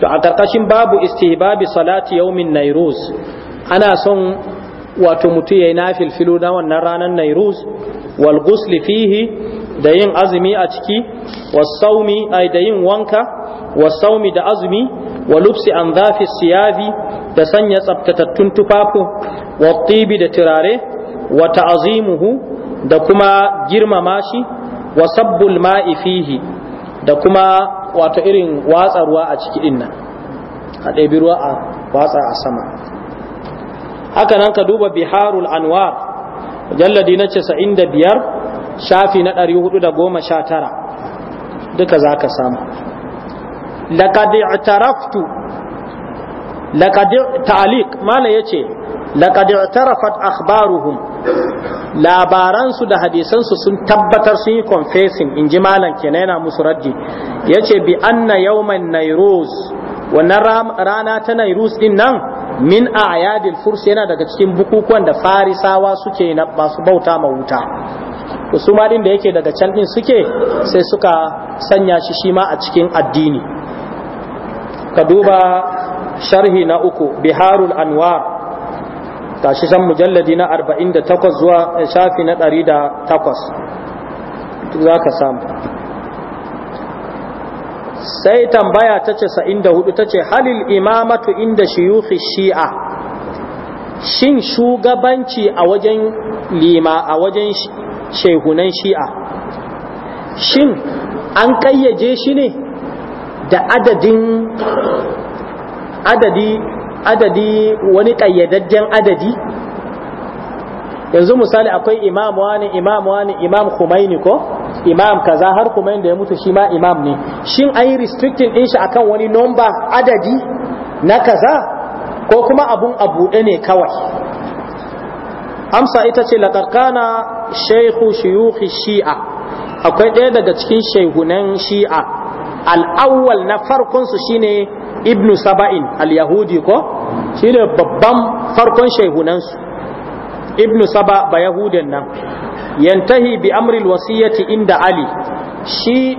to a karkashin babu istihbabi salati yawmin nairus ana son wato mutu ya yi na filfilo na wannan ranar nairus wal gusli fihi da yin azumi a ciki wasaumi ai da yin wanka wasaumi da azumi wa lubsi an zafi siyabi da sanya tsabtatattun tufafu wa tibi da turare wa ta'azimuhu da kuma girmama shi wa sabbul ma'i fihi da kuma wato irin watsa ruwa a ciki dinnan a ɗebi ruwa a watsa a sama haka nan ka duba biharul anwar jalladi na 95 shafi na 419 duka za ka samu laƙadi mala ya ce laƙadi tarafat akhbaruhum labaransu da hadisansu sun tabbatar sun yi confessing in ji malam kenan yana musu raddi ya ce bi anna yawman nairus. wannan rana ta nairus din nan min ayadil furs yana daga cikin bukukuwan da farisawa suke na masu bauta ma wuta to su ma din da yake daga can din suke sai suka sanya shi shi ma a cikin addini ka duba sharhi na uku biharul anwar tashi san mujalladi na 48 zuwa eh, shafi na 108 za ka samu sai tambaya ta ce 74 ta ce halil imamatu inda shiyufi shi'a shin shugabanci a wajen lima a wajen shehunan shi'a shin an kayyaje shi ne da adadin adadi adadi wani kayyadajjen adadi yanzu misali akwai imam wani imam wani imam khumaini ko imam kaza har kumain da ya mutu shi ma imam ne shin an yi restricting din shi akan wani number adadi na kaza ko kuma abun abuɗe ne kawai hamsa ita ce laƙaƙana shaihu shiyuhi shi'a akwai ɗaya daga cikin shaihunan shi'a al'awwal na farkonsu shine ibnu saba'in al-yahudi ko ne babban farkon shaihunansu ibnu saba ba yahudin nan yantahi bi amril wasiyyati inda ali shi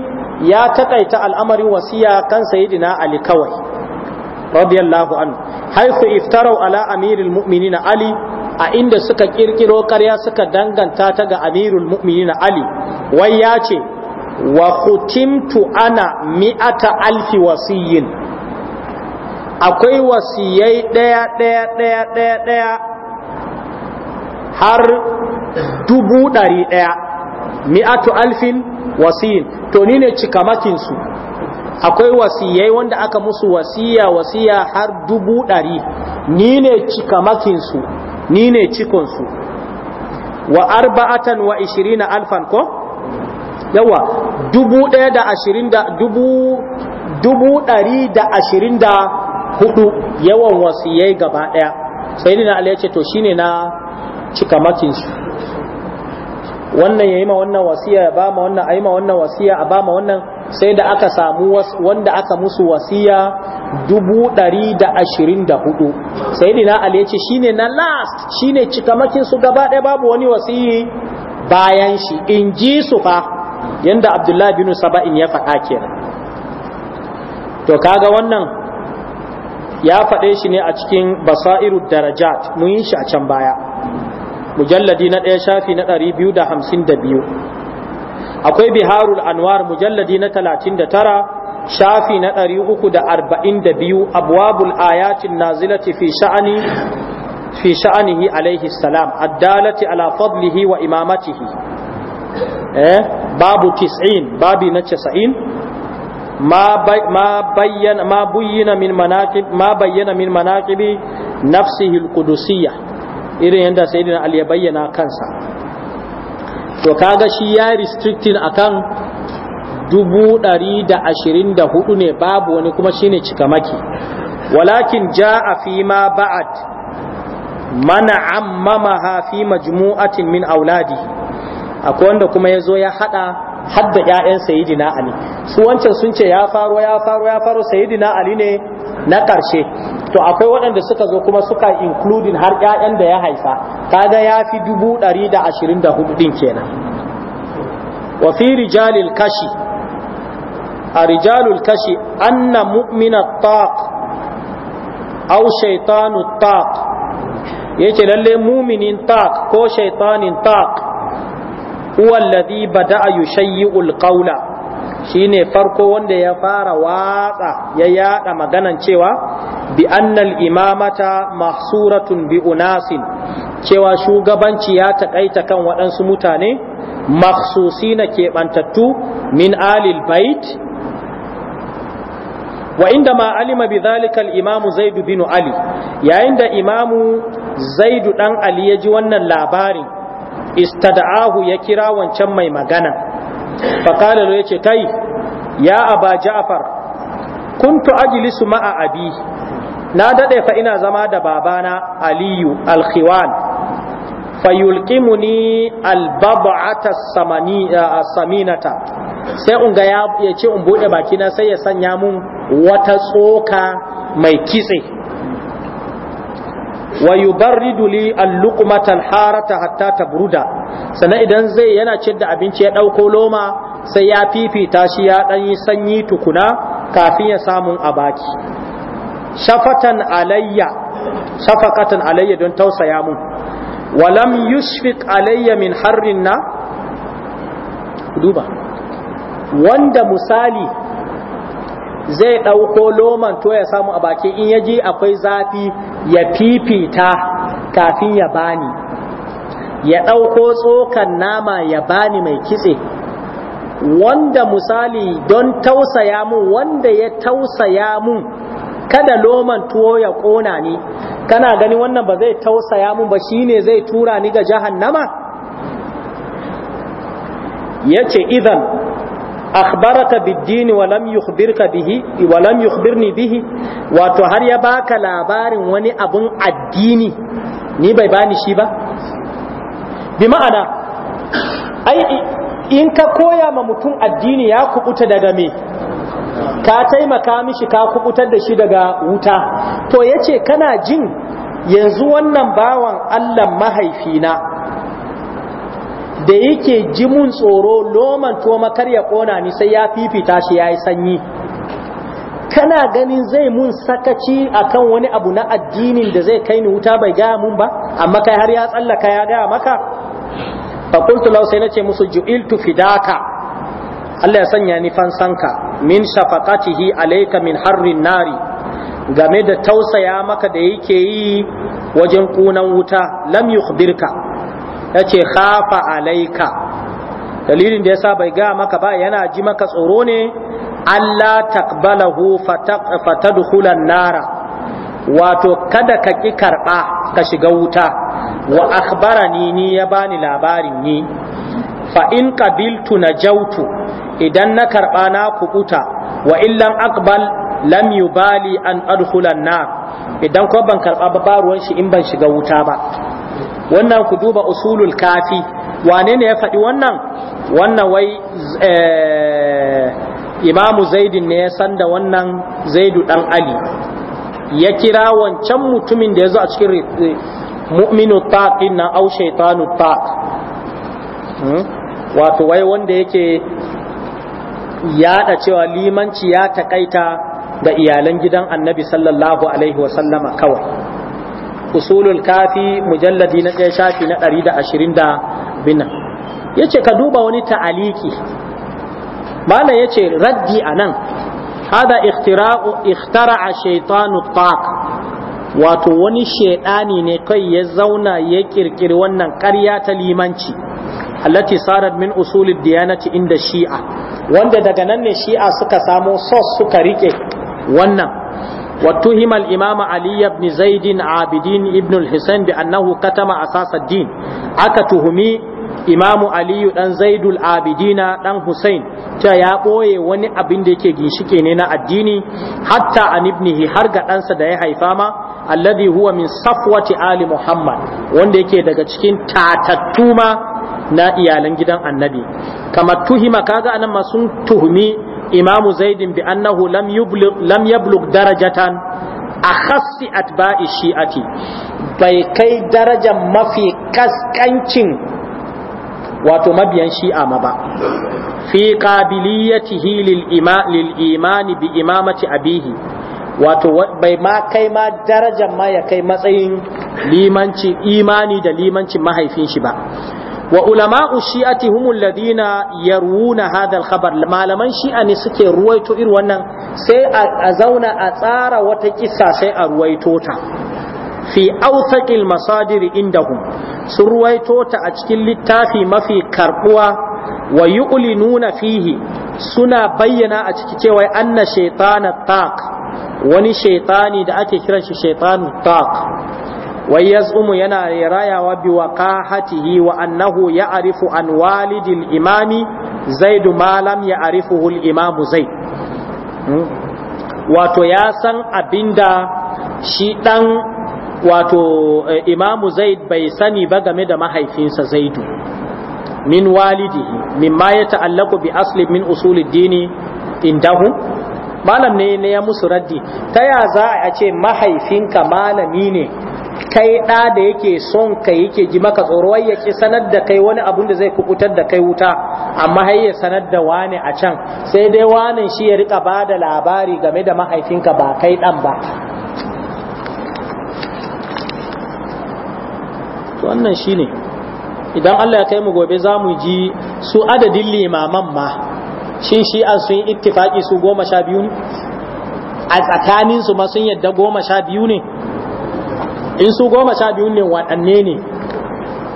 ya takaita al'amarin wasiya kan sayidina ali kawai radiyallahu anhu haifu iftarau ala amiril mu'minina ali a inda suka kirkiro ƙarya suka danganta ta ga amirul mu'minin ali wai ya ce wa kutimtu ana mi'ata alfi wasiyin akwai wasiyai ɗaya ɗaya ɗaya ɗaya ɗaya har dubu ɗari ɗaya mi'atu alfin wasiyin to ni ne cikamakinsu akwai wasiyai wanda aka musu wasiya wasiya har dubu ɗari ni ne cikamakinsu ni ne cikonsu wa arba'atan wa ishirina alfan ko yawa dubu ɗaya da ashirin da dubu dubu ɗari da ashirin da hudu yawan yai gaba ɗaya sai na Ali ya ce to shine na cika makinsu wannan ya yi ma wannan wasiya ya ba ma wannan a yi ma wannan wasiya a ba ma wannan sai da aka samu wanda aka musu wasiya dubu dari da ashirin da hudu sai dina ali ya ce shine na last shine cikamakin su gaba ɗaya babu wani wasiyi bayan shi in ji su fa yadda abdullahi bin saba'in ya faɗa kenan to kaga wannan ya faɗe shi ne a cikin basairu darajat mun yi shi a can baya mujalladi na ɗaya shafi na ɗari biyu da hamsin da biyu akwai biharul anwar mujalladi na 39 shafi na 342 abwabul ayatin nazilati fi sha'ani fi sha'anihi alaihi salam addalati ala fadlihi wa imamatihi eh babu 90 babi na 90 ما بين ما بين من مناقب ما بين من مناقب نفسه القدسيه irin yadda saidin ali ya bayyana kansa to kaga shi ya restricting akan dubu ɗari da ashirin da hudu ne babu wani kuma shine cikamaki walakin ja a fi ma ba'ad mana amma ma fi majmu'atin min auladi akwai wanda kuma ya zo ya hada hadda ƴaƴan sayyidina ali su wancan sun ce ya faro ya faro ya faro sayyidina ali ne na ƙarshe to akwai waɗanda suka zo kuma suka including har ƴaƴan da ya haifa kaga ya fi dubu ɗari da ashirin da hudu ɗin kenan wa fi rijalil kashi a rijalul kashi anna mu'mina taq aw shaytanu taq yake lalle muminin taq ko shaytanin taq huwa bada'a yushayyi'ul qawla shine farko wanda ya fara watsa ya yada maganan cewa bi annal imamata mahsuratun bi unasin cewa shugabanci ya takaita kan waɗansu mutane makhsusi na keɓantattu min alil bait wa inda ma alima bi zalika al-imamu zaidu bin ali yayin da imamu zaidu dan ali ya ji wannan labarin istada'ahu ya kira wancan mai magana faƙalar ya ce kai ya aba ja'far kuntu ajlisu ma'a abi na daɗe fa ina zama da babana aliyu alkhiwan fayulqimuni albab'ata saminata sai unga ya ce in bude baki na sai ya sanya mun wata tsoka mai kitse wa yubarridu li al-luqmata al-harata hatta tabruda sana idan zai yana ciyar da abinci ya dauko loma sai ya fifita shi ya dan yi sanyi tukuna kafin ya samu a baki shafatan alayya shafaqatan alayya don tausaya mun walam yushfiq alayya min harrin na duba wanda misali zai ɗauko loman to ya samu a baki in ya akwai zafi ya fifita kafin ya bani ya ɗauko tsokan nama ya bani mai kitse wanda misali don tausaya mu wanda ya tausaya mun kada loman tuwo ya ƙona ni kana gani wannan ba zai tausaya mun ba shine zai tura ni ga jahannama yace idan akhbaraka biddini wa lam yukhbirka bihi wa lam yukhbirni bihi wato har ya baka labarin wani abun addini ni bai bani shi ba bi ma'ana in ka koya ma mutum addini ya kubuta daga me ka taimaka mishi ka kubutar da shi daga wuta to yace kana jin yanzu wannan bawan Allah mahaifina da yake ji mun tsoro loman toma kar ya kona ni sai ya fifita shi ya yi sanyi kana ganin zai mun sakaci akan wani abu na addinin da zai kai ni wuta bai gaya mun ba amma kai har ya tsallaka ya gaya maka fakultu lau sai nace musu ju'iltu fidaka Allah ya sanya ni fansanka min shafaqatihi alayka min harrin nari game da tausaya maka da yake yi wajen kunan wuta lam yukhbirka ya ce khafa alaika dalilin da yasa bai gaya maka ba yana ji maka tsoro ne Allah takbalahu fatadkhulan nara wato kada ka ki karba ka shiga wuta wa akhbarani ni ya bani labarin ni fa in na jautu idan na karba na kuɓuta wa illan akbal lam yubali an adhulan nar idan ko ban karba ba ruwan shi in ban shiga wuta ba wannan ku duba usulul kafi wane ne ya faɗi wannan wannan wai eh, imamu zaidin ne ya san da wannan zaidu dan ali ya kira wancan mutumin da ya zo a cikin mu'minu taqin nan au shaitanu taq hmm? wato wai wanda yake yada cewa limanci ya takaita da iyalan gidan annabi sallallahu alaihi wasallama kawai usulul kafi mujalladi na ɗaya shafi na ɗari da ashirin da binan. ya ce ka duba wani ta'aliki Malam ya ce raddi a nan hada a shaitanu taq wato wani shaidani ne kai ya zauna ya kirkiri wannan ƙarya ta limanci allati sarat min usulid diyanati inda shi'a wanda daga nan ne shi'a suka samo sos suka rike wannan واتهم الإمام علي بن زيد عابدين ابن الحسين بأنه كتم أساس الدين أكتهمي إمام علي أن زيد العابدين أن حسين تيا بوي وني أبين ديكي جنشكي نينا الديني حتى عن ابنه هرغة أنسى دايا هيفاما الذي هو من صفوة آل محمد ونديكي دقا تشكين تاتتوما na iyalan gidan annabi kamar tuhima kaga anan ma sun tuhumi imamu zaidin bi annahu lam yublug lam yablug darajatan akhassi atba'i shi'ati bai kai darajar mafi kaskancin wato mabiyan shi'a ma ba fi qabiliyatihi lil ima lil imani bi imamati abihi wato bai ma kai ma darajar ma ya kai matsayin imani da limancin mahaifin shi ba wa ulama'u shi'ati humul ladina yarwuna hadha al-khabar malaman shi'a ne suke ruwaito irin wannan sai a zauna a tsara wata kissa sai a ruwaito ta fi awthaqil masadir indahum su ruwaito ta a cikin littafi mafi karbuwa wa yu'linuna fihi suna bayyana a ciki cewa anna shaitana tak wani shaytani da ake kiran shi shaytanu taq wai yaz'umu yana rayawa bi waqahatihi wa annahu ya'rifu an walidil imami zaidu ma lam hmm? wato ya san abinda shi ɗan wato eh, imamu zaid bai sani ba game da mahaifinsa zaidu min walidihi mimma ya ta'allaku bi asli min usulid dini indahu malam ne ya musu raddi ta ya za a ce mahaifinka malami ne kai ɗa da yake son ka yake ji maka tsoro wai yake sanar da kai wani abun da zai kukutar da kai wuta amma har ya sanar da wani a can sai dai wanin shi ya rika ba da labari game da mahaifinka ba kai ɗan ba wannan shi ne idan Allah ya kai mu gobe za mu ji su adadin limaman ma shin shi an sun ittifaki su goma sha biyu ne a tsakaninsu ma sun yadda goma sha biyu ne in su goma sha biyu ne waɗanne ne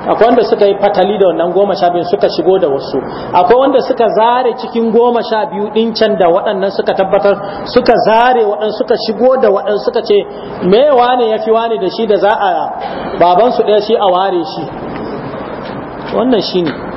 akwai wanda suka yi fatali da wannan goma sha biyu suka shigo da wasu akwai wanda suka zare cikin goma sha biyu din can da waɗannan suka tabbatar suka zare waɗannan suka shigo da waɗannan suka ce me wane ya fi wane da shi da za a babansu ɗaya shi a ware shi wannan shi ne